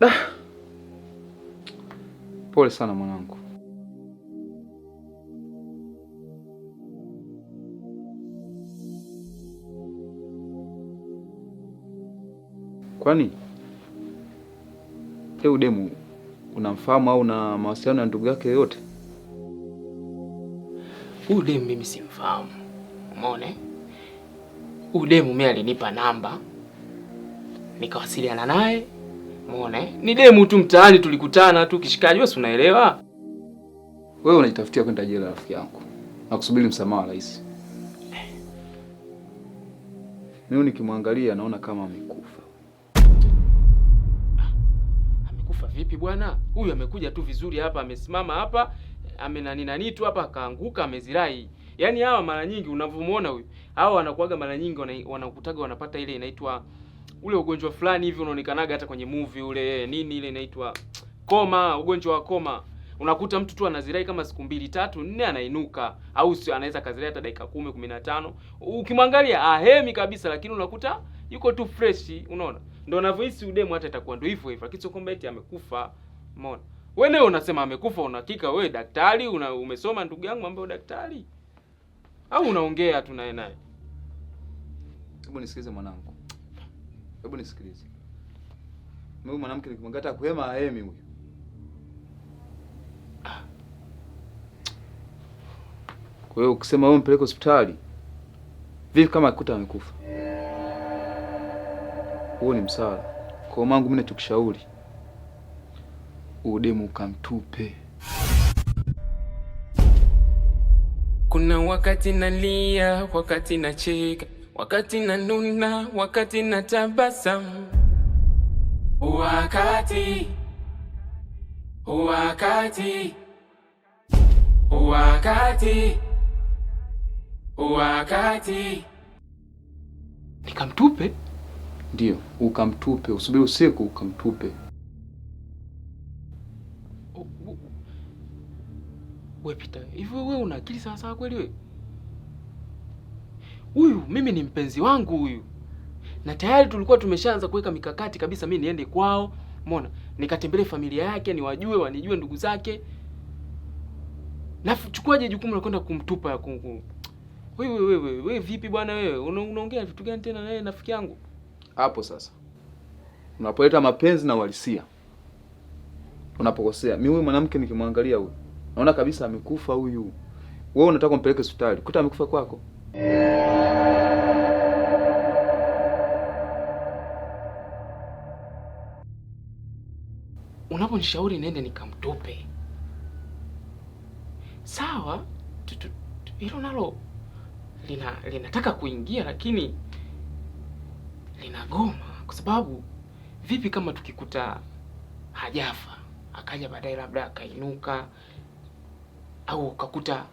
Da, pole sana mwanangu. Kwani eu demu unamfahamu au una mawasiliano na ndugu yake yoyote? Huyu demu mimi simfahamu, umeona? Huyu demu mimi alinipa namba nikawasiliana naye Umeona eh? Ni demu tu mtaani tulikutana tu kishikaji, wewe unaelewa. Wewe unaitafutia kwenda jela rafiki yangu. Na msamaha rais. Mimi nikimwangalia naona kama amekufa. Amekufa vipi bwana? Huyu amekuja tu vizuri hapa, amesimama hapa, amenani nani tu hapa akaanguka, amezirai. Yaani hawa mara nyingi unavyomuona huyu, hawa wanakuaga mara nyingi wanakutaga wanapata ile inaitwa ule ugonjwa fulani hivi unaonekanaga hata kwenye movie ule nini ile inaitwa koma, ugonjwa wa koma. Unakuta mtu tu anazirai kama siku mbili tatu nne, anainuka au sio, anaweza kazirai hata dakika kumi kumi na tano ukimwangalia ahemi kabisa, lakini unakuta yuko tu fresh. Unaona, ndio anavyohisi udemu, hata itakuwa ndio hivyo hivyo, lakini sio kwamba eti amekufa. Umeona wewe unasema amekufa, unahakika wewe daktari una, umesoma ndugu yangu ambaye daktari au unaongea tu naye naye? Hebu nisikize mwanangu Hebu nisikilize mimi, mwanamke nikimwangalia hata kuhema haemi huyu. Ah. Kwa hiyo ukisema wewe mpeleke hospitali, vipi kama akikuta amekufa? Huo ni msala. Kwa mangu mimi tukishauri udemu kamtupe Kuna wakati nalia, wakati nacheka wakati na nuna, wakati na tabasamu, wakati wakati wakati wakati nikamtupe. Ndio, ukamtupe, usubiri usiku ukamtupe. We hivyo we una akili sawasawa kweli we? huyu mimi ni mpenzi wangu huyu, na tayari tulikuwa tumeshaanza kuweka mikakati kabisa, mimi niende kwao, umeona, nikatembele familia yake, niwajue, wanijue ndugu zake. Nachukuaje jukumu la kwenda kumtupa ya kungu? Wewe wewe wewe vipi bwana wewe? Unaongea vitu gani tena na rafiki yangu? Hapo sasa. Unapoleta mapenzi na uhalisia. Unapokosea. Mimi huyu mwanamke nikimwangalia huyu, naona kabisa amekufa huyu. Wewe unataka umpeleke hospitali. Kuta amekufa kwako. yeah. nishauri niende nikamtupe. Sawa, hilo nalo lina linataka kuingia, lakini linagoma kwa sababu vipi kama tukikuta hajafa akaja baadaye labda akainuka au ukakuta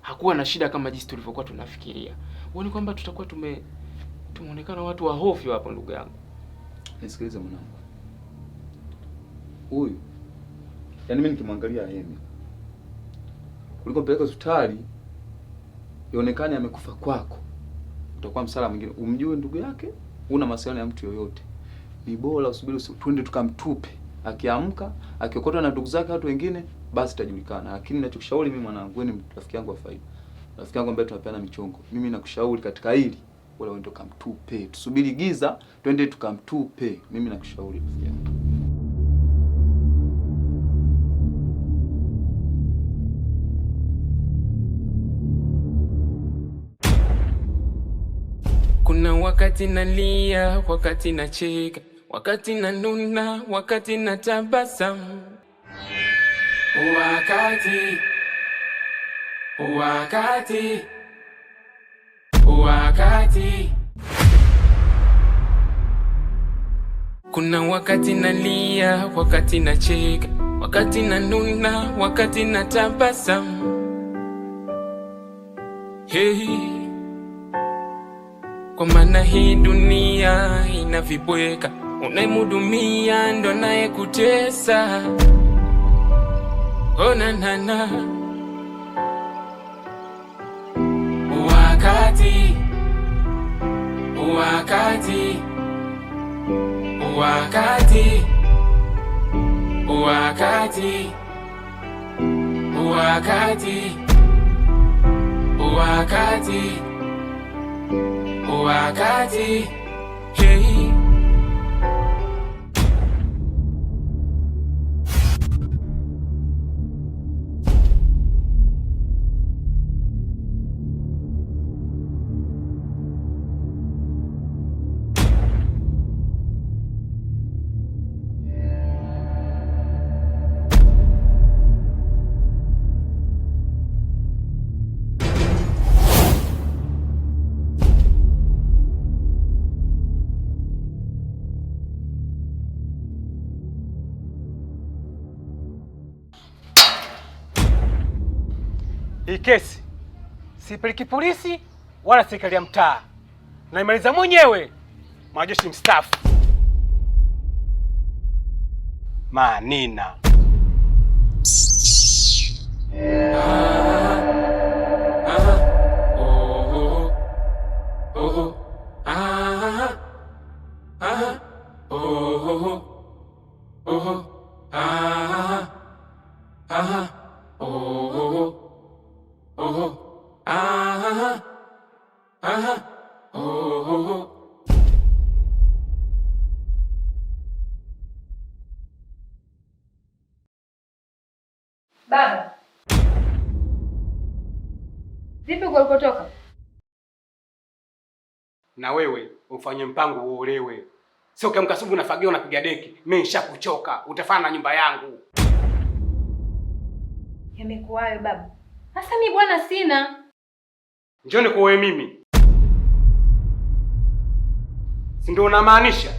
hakuwa na shida kama jinsi tulivyokuwa tunafikiria. Huoni kwamba tutakuwa tume tumeonekana watu wa hofu hapo, ndugu yangu? Nisikilize mwanangu, huyu Yaani mimi nikimwangalia Emi kuliko mpeleka hospitali ionekane amekufa kwako, utakuwa msala mwingine. Umjue ndugu yake, una mawasiliano ya mtu yoyote, ni bora usubiri, twende tukamtupe. Akiamka akiokotwa na ndugu zake watu wengine, basi itajulikana. Lakini nachokushauri mimi mwanangu, ni rafiki yangu wa faida, rafiki yangu ambaye tunapeana michongo, mimi nakushauri katika hili wala uende ukamtupe. Tusubiri giza, twende tukamtupe. Mimi nakushauri rafiki yangu. wakati nalia, wakati nacheka, wakati nanuna, wakati natabasamu, wakati wakati wakati kuna wakati nalia, wakati nacheka, wakati nanuna, wakati natabasamu. Hey kwa maana hii dunia ina vibweka, unayemhudumia ndo anayekutesa. Ona oh, nana, wakati wakati wakati wakati wakati wakati Wakati Hii kesi sipeleki polisi wala serikali ya mtaa, naimaliza mwenyewe, mwanajeshi mstaafu Manina. Baba vipi ulikotoka? Na wewe ufanye mpango uolewe, sio ukiamka asubuhi unafagia unapiga deki. Mimi nishakuchoka, utafana na nyumba yangu. Yamekuwayo baba? Sasa mimi bwana sina. Njoni kwa wewe mimi, si ndio unamaanisha?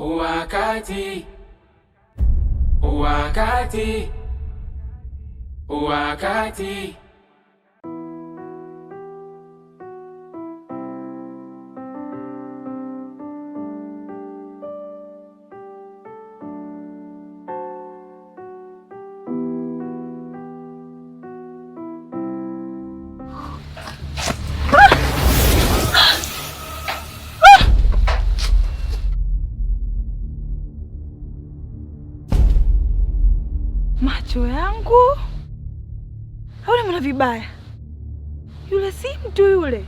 Wakati wakati wakati vibaya. Yule si mtu yule.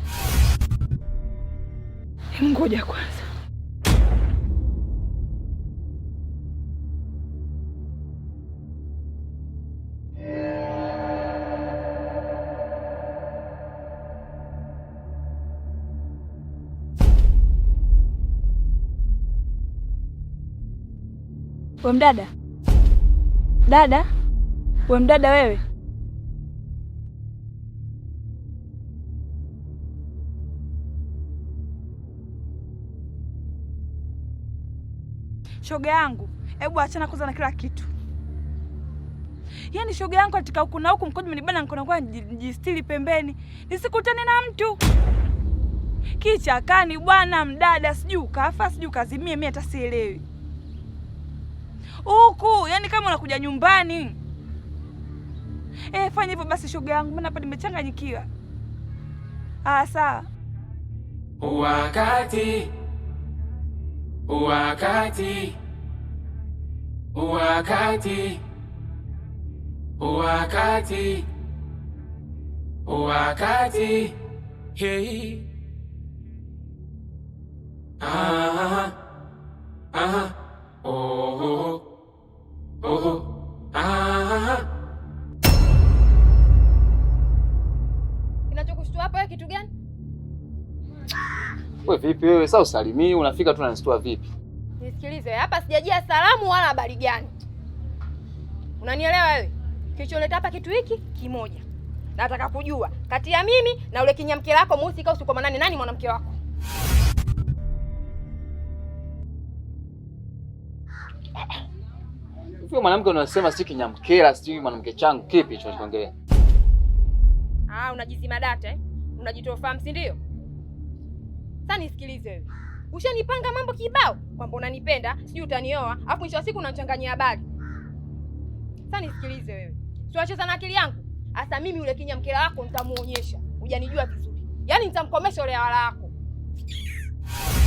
Ngoja kwanza. We mdada, dada, we mdada wewe shoga yangu, hebu achana kwanza na kila kitu. Yaani shoga yangu katika huku na huku mkojo mnibana nikono kwa nijistiri pembeni nisikutane na mtu kichakani bwana, mdada sijui ukafa sijui ukazimie, mimi hata sielewi huku. Yani kama unakuja nyumbani e, fanya hivyo basi shoga yangu, maana hapa nimechanganyikiwa. Ah, sawa. Wakati wakati wakati wakati wakati hey. Aha. Aha. Oh. Oh. Aha. Kinachokushtua hapa kitu gani? Wewe vipi wewe? Sasa usalimii, unafika tu vipi? nisikilize, hapa sijajia salamu wala habari gani, unanielewa wewe? Kicholeta hapa kitu hiki kimoja, nataka kujua kati ya mimi na ule kinyamke lako Musika kausi kwa nani mwanamke wako? Huyo mwanamke unasema si kinyamkela, si mwanamke changu, kipi choongelea? Ah, unajizima data eh? Unajitofaa, si ndio? Sasa nisikilize wewe. Ushanipanga mambo kibao kwamba unanipenda, sijui utanioa, afu mwisho wa siku unachanganyia habari. Sasa nisikilize wewe. Si na akili yangu. hasa mimi ule kinya mkela wako nitamuonyesha. Hujanijua vizuri. Yaani nitamkomesha ule hawala wako.